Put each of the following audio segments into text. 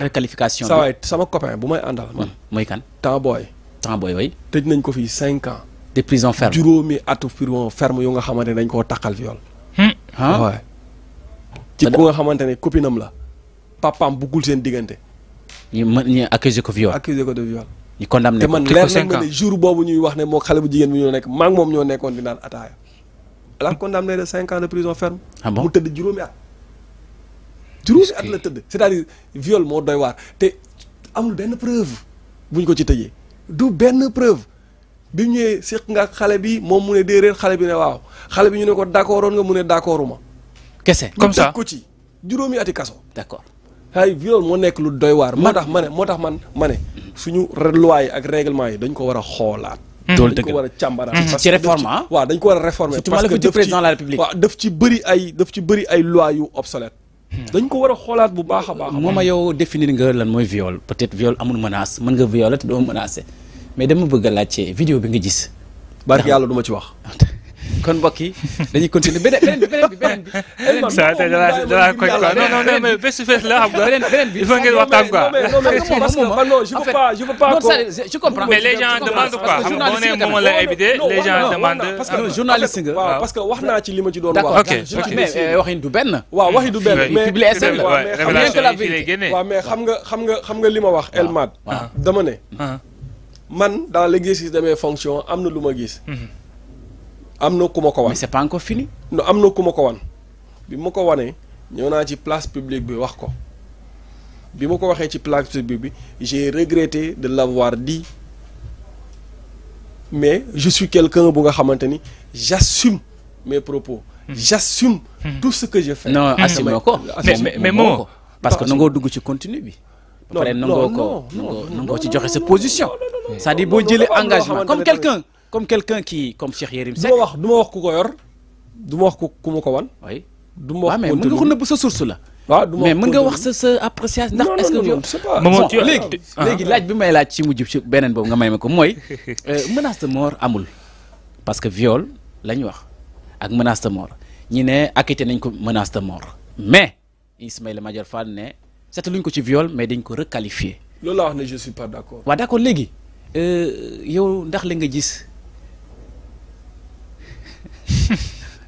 requalification Ça va être, copain bu copain, àndal man mooy kan temps Tamboy. temps booy way tëj nañ ko fii cinq ans de prison ferme juróomi atu prison ferme yu nga xamante ne dañ koo taqal viol waay hmm. ah ci ku nga xamante ne copinam la papaam buggul seen diggante ñu mën ni accusé ko viol accusé ko de viol Ni condamné ko te man leer nañ ma ne jour boobu ñuy wax ne mo xale bu jigéen bi ñoo nekk maa ngi moom ñoo nekkoon di naan ataaya la condamné de cinq ans de prison ferme ah bon mu tëdd juróomi at juróomi at la tëdd c'est-à-dire viol mo doy war té amul ben preuve buñ ko ci teyé du ben preuve bi mu ñëwee nga xalé bi moom mu ne déedéet xale bi né waaw xalé bi ñu né ko d'accordoon nga mu ne d'accorduma kese comme ça ko ci juróomi ati kasso d'accord ay viol mo nek lu doy war motax mané motax man mané ne suñu loi ak règlement yi dañ ko wara xolaat xoolaat doolu hmm. hmm. ah? ko war a ci réforme wa dañ ko wara réformer parce que président de la république wa daf ci bëri ay daf ci bëri ay loi yu obsolète Hmm. dañ ko war a xoolaat bu baax a baax. moom a yow définir nga lan mooy viol peut-être viol amul menace mën nga violer te doo menacé mais dama bëgg a laajte vidéo bi nga gis. barke yàlla la duma ci wax. Ah, kon mbokk yi dañuy continuer beneen beneen da laa da laa mais face to parce que journaliste waaw parce que wax naa ci li ma ci doon wax. ok ok mais euh, waxin waaw mais xam nga xam nga xam nga li ma wax Elmad. Ah. dama ne. Ah. man dans l'exercice de mes fonctions am na lu ma gis. Mhm. Mais ce n'est mais c'est pas encore fini. non amno na ku wan bi place publique bi ko place publique j'ai regretté de l'avoir dit mais je suis quelqu'un bu nga j'assume mes propos. Hmm. j'assume hmm. tout ce que je fais. non assume ko mais mais parce que non, continue bi. non non non non non position. engagement comme quelqu'un comme quelqu'un qui comme Cheikh Yérim Seck. duma wax duma wax ku ko yor du wax ku ku ma oui duma wax mais mën nga ko nëbb sa source la. Ah, mais mën nga wax sa sa appréciation. ndax est-ce que moom légui légui laaj bi may laaj ci mu jub ci beneen boobu nga may ma moy mooy euh, menace de mort amul parce que viol lañ wax ak menace de mort ñi né akité nañ ko menace de mort mais Ismaël Madior Fall né c'est luñ ko ci viol mais dañ ko requalifier loolu laa wax né je suis pas d'accord. wa d'accord légui euh yow ndax la nga gis.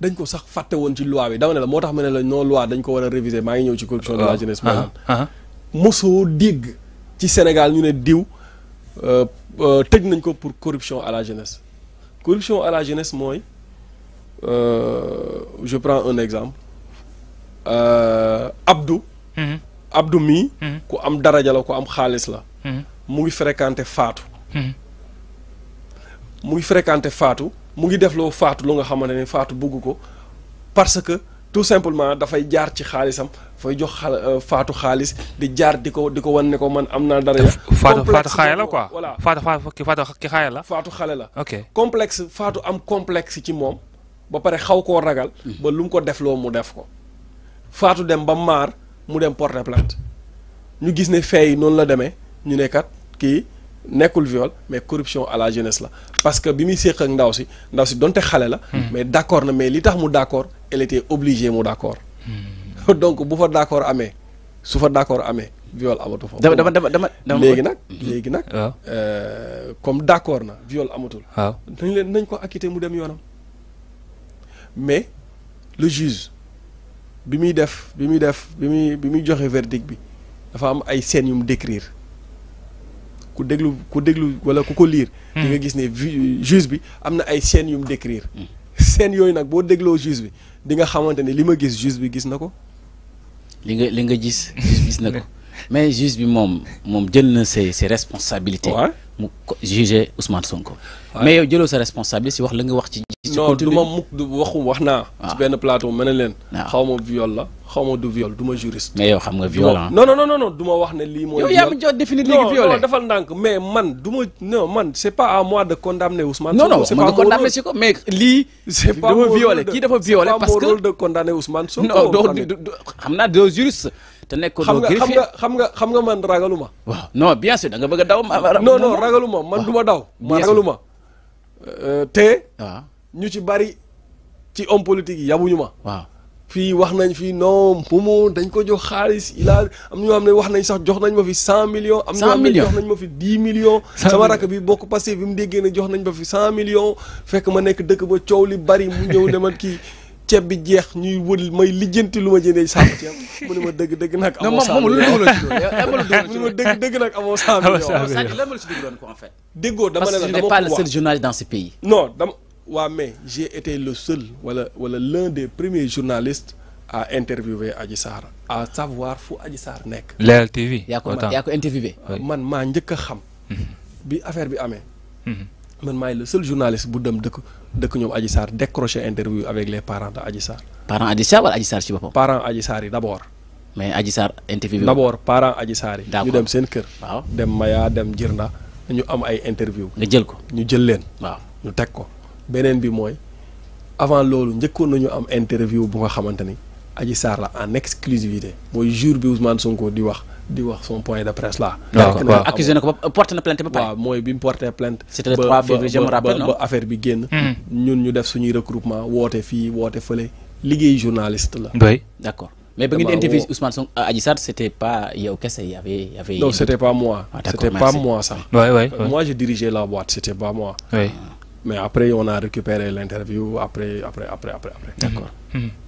dañ ko sax fàtte woon ci loi bi dama ne la moo tax ma ne la noo loi dañ ko war a réviser maa ngi ñëw ci corruption de la ah, jeunesse maanaam ah, ah. mosoo dégg ci Sénégal ñu ne diw euh, euh, tëj nañ ko pour corruption à la jeunesse corruption à la jeunesse mooy euh, je prends un exemple Abdou mm-hmm. Abdou mii mm-hmm. ku am daraja la ku am xaalis la mm-hmm. mu ngi fréquenté Fatou mu ngi fréquenté Fatou mu ngi def loo faatu lu nga xamante ne faatu bugg ko parce que tout simplement dafay jaar ci xaalisam fay jox xaal euh, faatu xaalis di jaar di ko di ko wan ne ko man am naa dara ya faatu faatu xaale la quoi voilà faatu faatu ki la faatu xaale la ok complexe faatu am complexe ci moom ba pare xaw koo ragal hmm. ba lum ko def loo mu def ko faatu dem ba maar mu dem porter plainte ñu gis ne fee yi noonu la demee ñu ne kat kii nekul viol mais corruption à la jeunesse là parce que bi muy ak ndaw si ndaw si la hmm. mais d'accord na mais li tax mu elle était obligée mu hmm. donc bu fa d'accord amé su fa d'accord viol amatu comme d'accord na viol amatul ko mu dem mais le juge bi def bi def bi joxe verdict bi décrire ku déglu ku déglu wala ku ko liir. di nga hmm. gis ne juge bi am na ay scènes yu mu décrire. Hmm. scènes yooyu nag boo dégloo juge bi di nga xamante ne li ma gis juge bi gis na ko. li nga li nga gis gis na ko. mais juste bi Dieu, na ses responsabilités. mu juger Ousmane Sonko. mais il jëloo sa responsabilité si wax la nga wax ci. ci non de ma mukk du ah. ah. viol du viol du juriste. mais hein. non non non non du ne moi non mais man du man c'est pas à moi de condamner Ousmane. non non man nga condamner mais pas qui de rôle de condamner Ousmane Sonko. non de juriste. te nekk doo griffe xam nga xam nga man ragaluma. waaw non bien sûr da nga bëgg a daw. non non ragaluma man du ma daw. ma ragaluma. Euh, te. waaw ah. ñu ci bari ci homme politique yi yabuñu ma. waaw fii wax nañ fii non Momo dañ ko jox xaalis il a am ñoo xam ne wax nañ sax jox nañ ma fi cent millions. am ñoo xam ne jox nañ ma fi dix millions. sama rakk bi bokk passé bi mu déggee ne jox nañ ma fi cent millions fekk ma nekk dëkk ba coow li bari mu ñëw ne kii. ceeb bi jeex ñuy wër may lijjanti lu ma jëndee saabu ceeb mu ne ma dëgg dëgg nag. amoo saabu yow non moom mu ne ma dëgg dëgg nag amoo saabu yow. amoo saabu yow la si déggoon ko en fait. déggoo dama ne la dama ko wax parce que pas le seul journaliste dans ce pays. non dama waa mais j'ai été le seul wala wala l'un des premiers journalistes à interviewer Adji Sarr à savoir fu Adji Sarr nekk. Leral TV. yaa ko yaa ko interviewé. man maa njëkk a xam. Mhm. bi affaire bi amee. Mhm man may le seul journaliste bu dem dëkk dëkk ñoom Adji Sarr décrocher interview avec les parents de Adji Sarr. parents Adji Sarr wala Adji Sarr ci boppam. parents Adji Sarr yi d' abord. mais Adji Sarr interview. d' abord parents Adji Sarr yi. ñu dem seen kër. waaw dem Maya dem Jirna ñu am ay interview nga jël ko ñu jël leen. waaw ñu teg ko beneen bi mooy avant loolu njëkkoon nañu am interview bu nga xamante ni Adji Sarr la en exclusivité mooy jour bi Ousmane Sonko di wax di wax son point de presse là. D'accord. accusé de ko plainte Moi, Moi, waaw mooy la plainte. c'était le 3 février je me rappelle affaire bi nous hmm. ñun ñu def suñuy regroupement woote fii woote fële journaliste là. oui d'accord. Mais quand vous interview Ousmane Song à c'était pas il y avait. Il y avait non, c'était pas moi. Ah, c'était pas moi ça. Ouais, ouais, Moi, je dirigeais la boîte, c'était pas moi. Oui. Mais après, on a récupéré l'interview, après, après, après, après. D'accord. Hmm.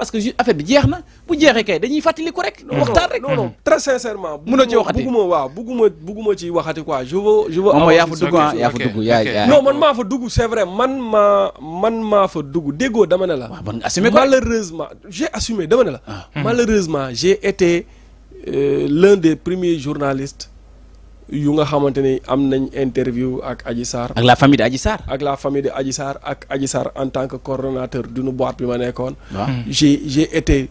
parce que affaire bi jeex na bu jeexee kay dañuy ko rek. waxtaan rek non non hmm. très sincèrement. mënoo ci waxati buguma waaw buguma buguma ci waxati quoi je veux. je veux amoo yaa fa dugg ah, ya fa fa ya ya non man ma fa dugg c'est vrai man ma, man ma fa dugg déggoo dama ne la. malheureusement j'ai assumé dama ne la. Ah. malheureusement j'ai été euh, l'un des premiers journalistes yu nga xamante ni am nañ interview ak Adji Sarr. ak la famille de Adji Sarr. ak la famille de Adji Sarr ak Adji Sarr en tant que coordonnateur d'une boîte bi ma nekkoon. Hmm. j'ai j'ai été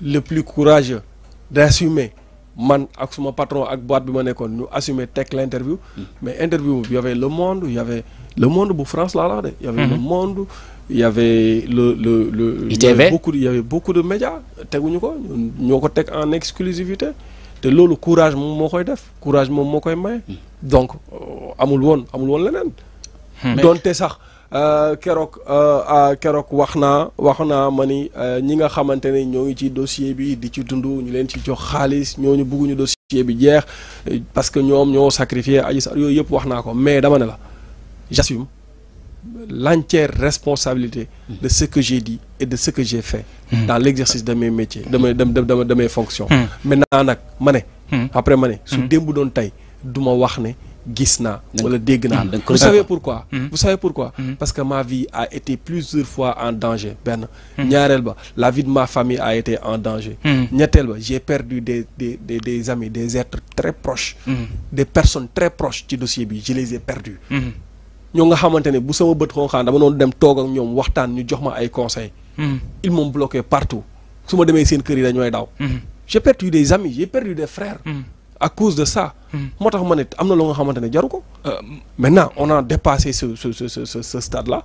le plus courageux d'assumer man ak suma patron ak boîte bi ma nekkoon ñu assumer teg l'interview. Hmm. mais interview bi y avait le monde il y avait le monde bu France laa la de. y avait le hmm. monde. il y avait le le le. beaucoup il y avait beaucoup de médias teguñu ko ñoo ko teg en exclusivité te le courage mon moo koy def courage mon mot koy donc euh, amul won amul won lenen hmm. donté sax euh à euh à euh, wax waxna ma mani euh, ñi nga xamante ci dossier bi di ci dund ñu len ci jox xaalis dossier bi jeex parce que ñom ñoo sacrifié à Sarr yooyu yëpp ko mais dama la j'assume l'entière responsabilité hmm. de ce que j'ai dit et de ce que j'ai fait. Hmm. dans l'exercice de mes métiers de mes de de de mes fonctions. Hmm. maintenant mané, hmm. après mané, vous savez pourquoi vous savez pourquoi parce que ma vie a été plusieurs fois en danger Ben, la vie de ma famille a été en danger j'ai perdu des des des amis des êtres très proches des personnes très proches du dossier je les ai perdus ils m'ont bloqué partout hmm. j'ai perdu des amis j'ai perdu des frères hmm. à cause de ça hmm. euh, maintenant on a dépassé ce stade là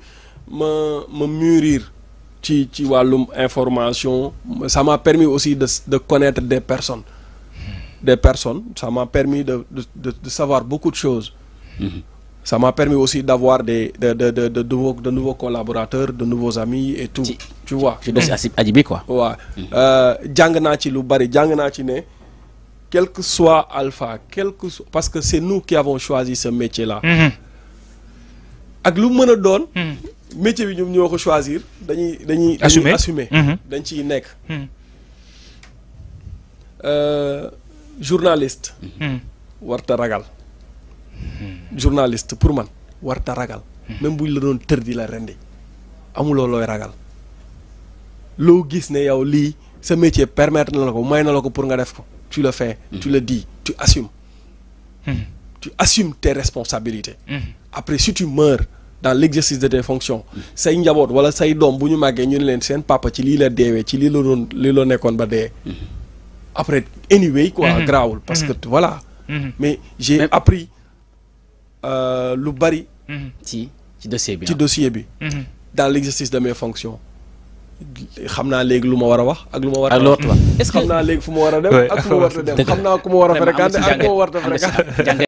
me mûrir ci ci information ça m'a permis aussi de de connaître des personnes des personnes ça m'a permis de de, de savoir beaucoup de choses ça m'a permis aussi d'avoir des de de de nouveaux collaborateurs de nouveaux amis et tout. tu vois tu des quoi. ouais, euh, ci lu quel que soit Alpha quel parce que c'est nous qui avons choisi ce métier là. Mm-hmm. ak lu mën a doon. Hmm. métier bi ñoom ñoo ko choisir dañuy dañuy. assumer assumer hmm. dañ ciy nekk. Hmm. Euh, journaliste. warta ragal. journaliste pour man warta ragal. même buñ la doon tër di la rendi amuloo looy ragal. loo gis ne yow lii sa métier permettre na la ko may na la ko pour nga def ko tu la fin tu le di tu assumes. tu assumes tes responsabilités. Mhm. après si tu meurs dans l'exercice de tes fonctions say njaboot wala say doom bu ñu màggee ñu ne leen seen papa ci lii la deewee ci lii la doon lii la nekkoon ba dee. Mhm. après anyway quoi mhm. grawul parce que voilà. mais j'ai appris euh, lu bari. ci ci dossier bi ci hein. dossier bi. dans l'exercice de mes fonctions. xam naa luma lu ma war wax ak lu ma war est-ce que xam naa léegi fu ma a dem. ak fu ma war a dem xam naa ku ma war a ak ku ma war